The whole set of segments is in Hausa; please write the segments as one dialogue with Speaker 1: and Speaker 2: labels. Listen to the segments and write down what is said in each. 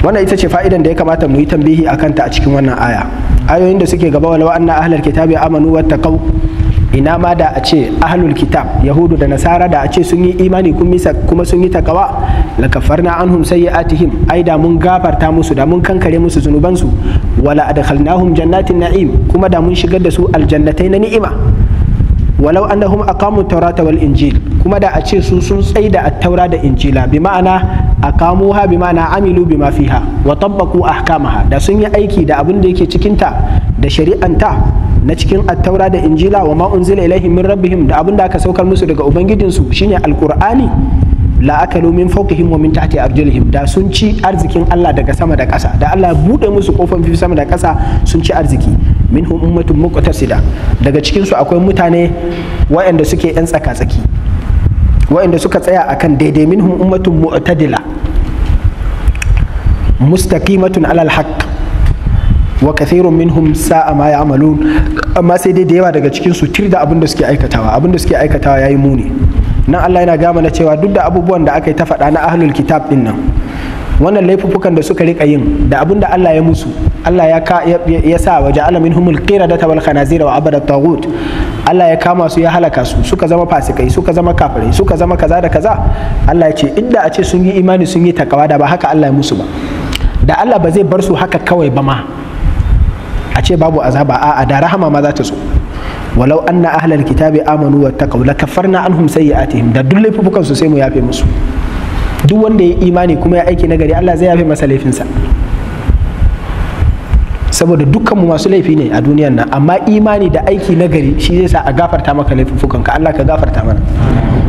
Speaker 1: wannan ita ce fa'idan da ya kamata mu yi tambihi a kanta a cikin wannan aya ayoyin da suke gaba walau anna ahlal kitabi amanu taqaw ina ma da a ce ahlul kitab yahudu da nasara da a ce sun yi imani kuma sun yi takawa kafarna anhum sayyi'atihim ai da mun gafarta musu da mun kankare musu zunubansu wala adkhalnahum jannatin na'im kuma da mun shigar da su aljannatai na ni'ima walau annahum aqamu taurata wal injil kuma da a ce su sun tsaida at-taura da injila bi ma'ana aqamuha bi ma'ana amilu bima fiha wa tabbaqu ahkamaha da sun yi aiki da abin da yake cikin ta da shari'anta na cikin at-taura da injila wa ma unzila ilaihim min rabbihim da abin da aka saukar musu daga ubangijinsu shine alqur'ani la akalu min fawqihim wa min tahti arjulihim da sun ci arzikin Allah daga sama da ƙasa da Allah bude musu kofan fi sama da ƙasa sun ci arziki minhum ummatun muqtasida daga cikin su akwai mutane waɗanda suke yan tsaka-tsaki waɗanda suka tsaya akan daidai minhum ummatun mu'tadila mustaqimatun alal haqq wa kathirun minhum sa'a ma ya'malun amma sai dai da yawa daga cikin su tirda abinda da suke aikatawa abinda da suke aikatawa yayi muni nan Allah yana gama na cewa duk da abubuwan da aka yi ta faɗa na ahlul kitab din nan wannan laifukan da suka rika yin da abin da Allah ya musu Allah ya ka ya sa wa ja'ala minhumul qiradata wal khanazira wa abada tagut Allah ya kama su ya halaka su suka zama fasikai suka zama kafirai suka zama kaza da kaza Allah ya ce inda a ce sun yi imani sun yi takawa da ba haka Allah ya musu ba da Allah ba zai bar su haka kawai ba ma a ce babu azaba a'a da rahama ma za ta so walau anna ahlal kitabi amanu wa taqaw la kafarna anhum sayyi'atihim da duk laifukan su sai mu yafe musu duk wanda ya imani kuma ya aiki nagari Allah zai yafe masa laifinsa saboda dukkan mu masu laifi ne a duniyan nan amma imani da aiki nagari shi zai sa a gafarta maka laifukan ka Allah ka gafarta mana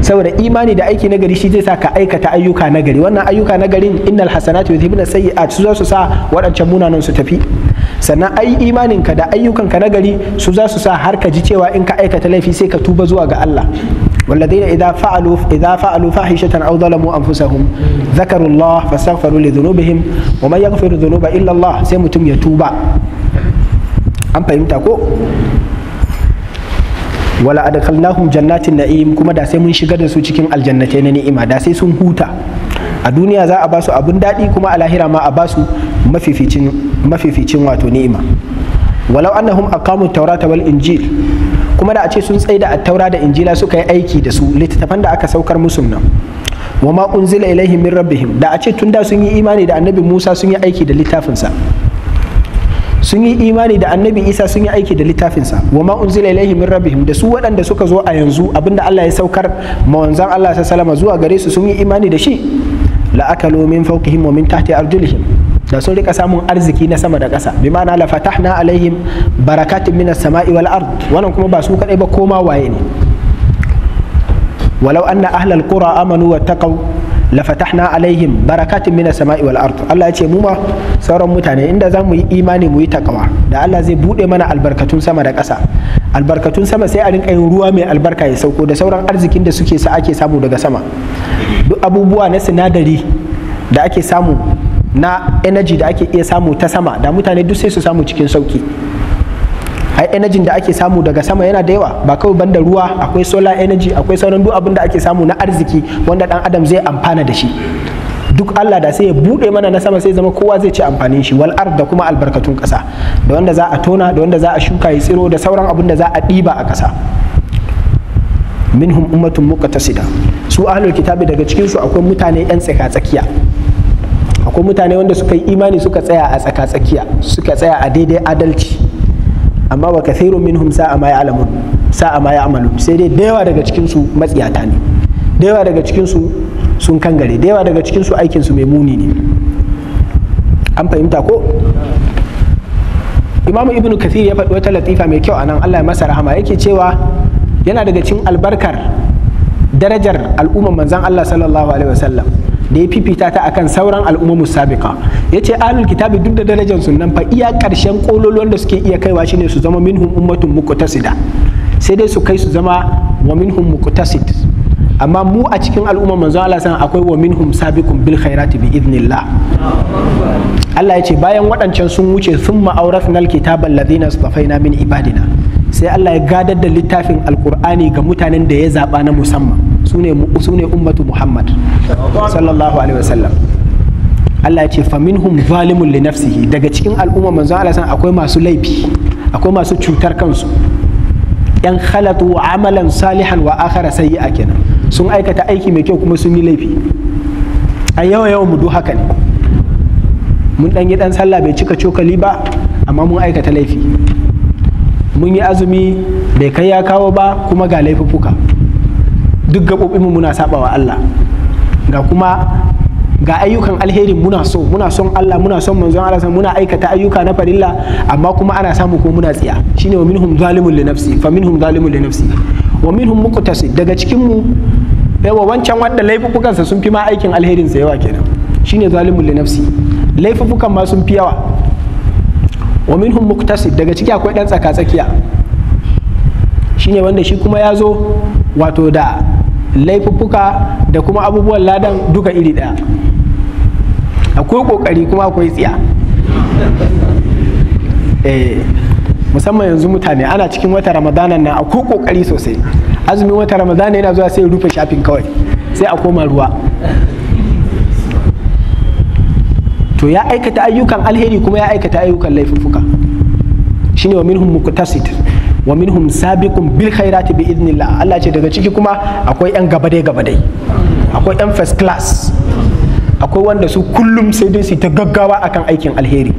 Speaker 1: saboda imani da aiki nagari shi zai sa ka aikata ayyuka nagari wannan ayyuka nagarin innal hasanatu yuzhibuna sayyi'at su za su sa waɗancan munanan su tafi sannan ai imaninka da ayyukanka na gari su za su sa har ka ji cewa in ka aikata laifi sai ka tuba zuwa ga Allah والذين إذا فعلوا إذا فعلوا فاحشة أو ظلموا أنفسهم ذكروا الله فاستغفروا لذنوبهم illa يغفر sai mutum ya tuba. An fahimta ko. wala adkalnahum jannatin na'im kuma da sai mun shigar da su cikin aljannatai na ni'ima da sai sun huta a duniya za a ba su abun daɗi kuma a lahira ma a ba su mafificin mafificin wato ni'ima walau annahum aqamu taurata wal injil kuma da a ce sun tsaida a taura da injila suka yi aiki da su littattafan da aka saukar musu nan wa ma unzila ilaihim min rabbihim da a ce tunda sun yi imani da annabi Musa sun yi aiki da sun yi imani da annabi Isa sun yi aiki da littafinsa wa ma unzila ilaihim min rabbihim da su waɗanda suka zo a yanzu abinda Allah ya saukar mawanzan Allah sallallahu alaihi zuwa gare su sun yi imani da shi la akalu min fawqihim wa min tahti arjulihim da sun rika samun arziki na sama da ƙasa bi ma'ana la fatahna alaihim barakatin minas sama'i wal ard wannan kuma ba su kadai ba koma waye ne walau anna ahlal qura amanu taqaw la fatahna alaihim barakatin minas sama'i wal ard Allah ya ce mu ma sauran mutane inda za mu yi imani mu yi takawa da Allah zai bude mana albarkatun sama da ƙasa albarkatun sama sai a rinka yin ruwa mai albarka ya sauko da sauran arzikin da suke sa ake samu daga sama duk abubuwa na sinadari da ake samu na energy da ake iya samu ta sama da mutane duk sai su samu cikin sauki ai energy da ake samu daga sama yana da yawa ba kawai banda ruwa akwai solar energy akwai sauran duk abin da ake samu na arziki wanda dan adam zai amfana da shi duk Allah da sai ya bude mana na sama sai zama kowa zai ci amfanin shi wal da kuma albarkatun kasa da wanda za a tona da wanda za a shuka ya tsiro da sauran abin da za a ɗiba a kasa minhum ummatun muqtasida su ahlul kitabi daga cikin su akwai mutane yan tsaka tsakiya akwai mutane wanda suka yi imani suka tsaya a tsaka-tsakiya suka tsaya a daidai adalci amma wa kathirun minhum sa'a ma ya'lamun sa'a ma ya'malun sai dai dawa daga cikin su matsiyata ne dawa daga cikin su sun kangare da dawa daga cikin su aikin su mai muni ne an fahimta ko Imam Ibn kathir ya faɗi wata latifa mai kyau anan Allah ya masa rahama yake cewa yana daga cikin albarkar darajar al'umman manzan Allah sallallahu alaihi wasallam da ya fifita ta akan sauran al'ummu sabiqa yace ahlul kitabi duk da darajar su nan fa iya karshen kololuwan da suke iya kaiwa shine su zama minhum ummatun muqtasida sai dai su kai su zama wa minhum muqtasid amma mu a cikin al'umma manzo Allah san akwai wa minhum sabiqun bil khairati bi idnillah Allah ya ce bayan waɗancan sun wuce sun ma'auratnal kitaba alladhina istafaina min ibadina sai Allah ya gadar da littafin alqur'ani ga mutanen da ya zaba na musamman su ne ummatu muhammad sallallahu alaihi wasallam Allah ya ce faminhum zalimun li nafsihi daga cikin al'umma manzon Allah san akwai masu laifi akwai masu cutar kansu yan khalatu amalan salihan wa akhara sayyi'a kenan sun aikata aiki mai kyau kuma sun yi laifi a yawa yawa mu du haka ne mun dan yi dan sallah bai cika cokali ba amma mun aikata laifi mun yi azumi bai kai ya kawo ba kuma ga laifuffuka duk gaɓoɓinmu muna wa Allah ga kuma ga ayyukan alherin muna so muna son Allah muna son manzon Allah muna aikata ayyuka na farilla amma kuma ana samu ko muna tsiya shine wa minhum zalimun li nafsi fa minhum zalimun li nafsi wa minhum muqtasid daga cikin mu yawa wancan wanda laifukan sa sun fi ma aikin alherin sa yawa kenan shine zalimun li nafsi laifukan ma sun fi yawa wa minhum muqtasid daga ciki akwai dan tsaka tsakiya shine wanda shi kuma ya zo wato da laifuffuka da kuma abubuwan ladan duka iri ɗaya akwai ƙoƙari kuma akwai tsiya eh, musamman yanzu mutane ana cikin wata ramadana na akwai ƙoƙari sosai azumin wata ramadana yana zuwa sai rufe shafin kawai sai a koma ruwa to ya aikata ayyukan alheri kuma ya aikata ayyukan laifuffuka shine wa minhum muqtasid wa minhum sabiqun bil khairati bi idnillah Allah ce daga ciki kuma akwai yan gabadai dai akwai yan first class akwai wanda su kullum sai dai su ta gaggawa akan aikin alheri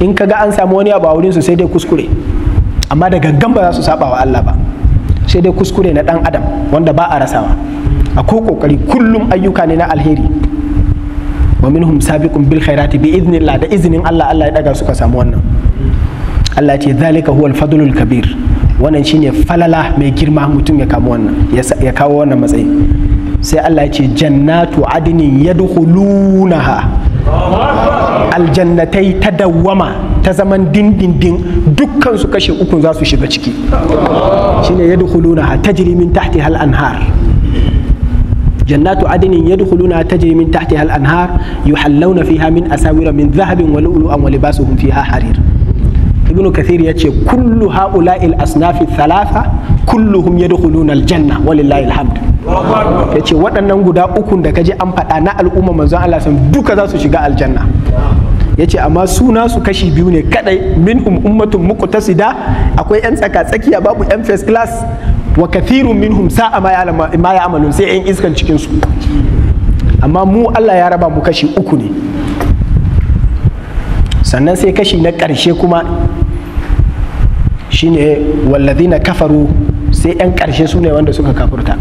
Speaker 1: in kaga an samu wani abu a wurin su sai dai kuskure amma da gangan ba za su saba wa Allah ba sai dai kuskure na dan adam wanda ba a rasawa akwai kokari kullum ayyuka ne na alheri wa minhum sabiqun bil khairati bi idnillah da izinin Allah Allah ya daga su ka samu wannan Allah ce zalika huwal fadlul kabir wannan shine falala mai girma mutum ya kawo wannan ya kawo wannan matsayi sai Allah ce jannatu adnin yadkhulunaha aljannatai ta dawwama ta zaman dindindin dukkan su kashe uku za su shiga ciki shine yadkhulunaha tajri min tahti hal anhar tajri min يدخلونها تجري anhar yuhallawna fiha min asawira min dhahabin wa lu'lu'an wa libasuhum fiha harir ibnu kathir ya ce kullu ha'ula'il asnafi thalatha kulluhum yadkhuluna aljanna walillahi alhamd ya ce waɗannan guda ukun da kaji an faɗa na al'umma manzon Allah san duka za su shiga aljanna ya ce amma suna su kashi biyu ne kadai min ummatun da akwai yan tsaka tsakiya babu yan first class wa kathirun minhum sa'a ma ya'malun sai yan iskan cikin su amma mu Allah ya raba mu kashi uku ne sannan sai kashi na ƙarshe kuma shine walladina kafaru sai yan karshe su ne wanda suka kafurta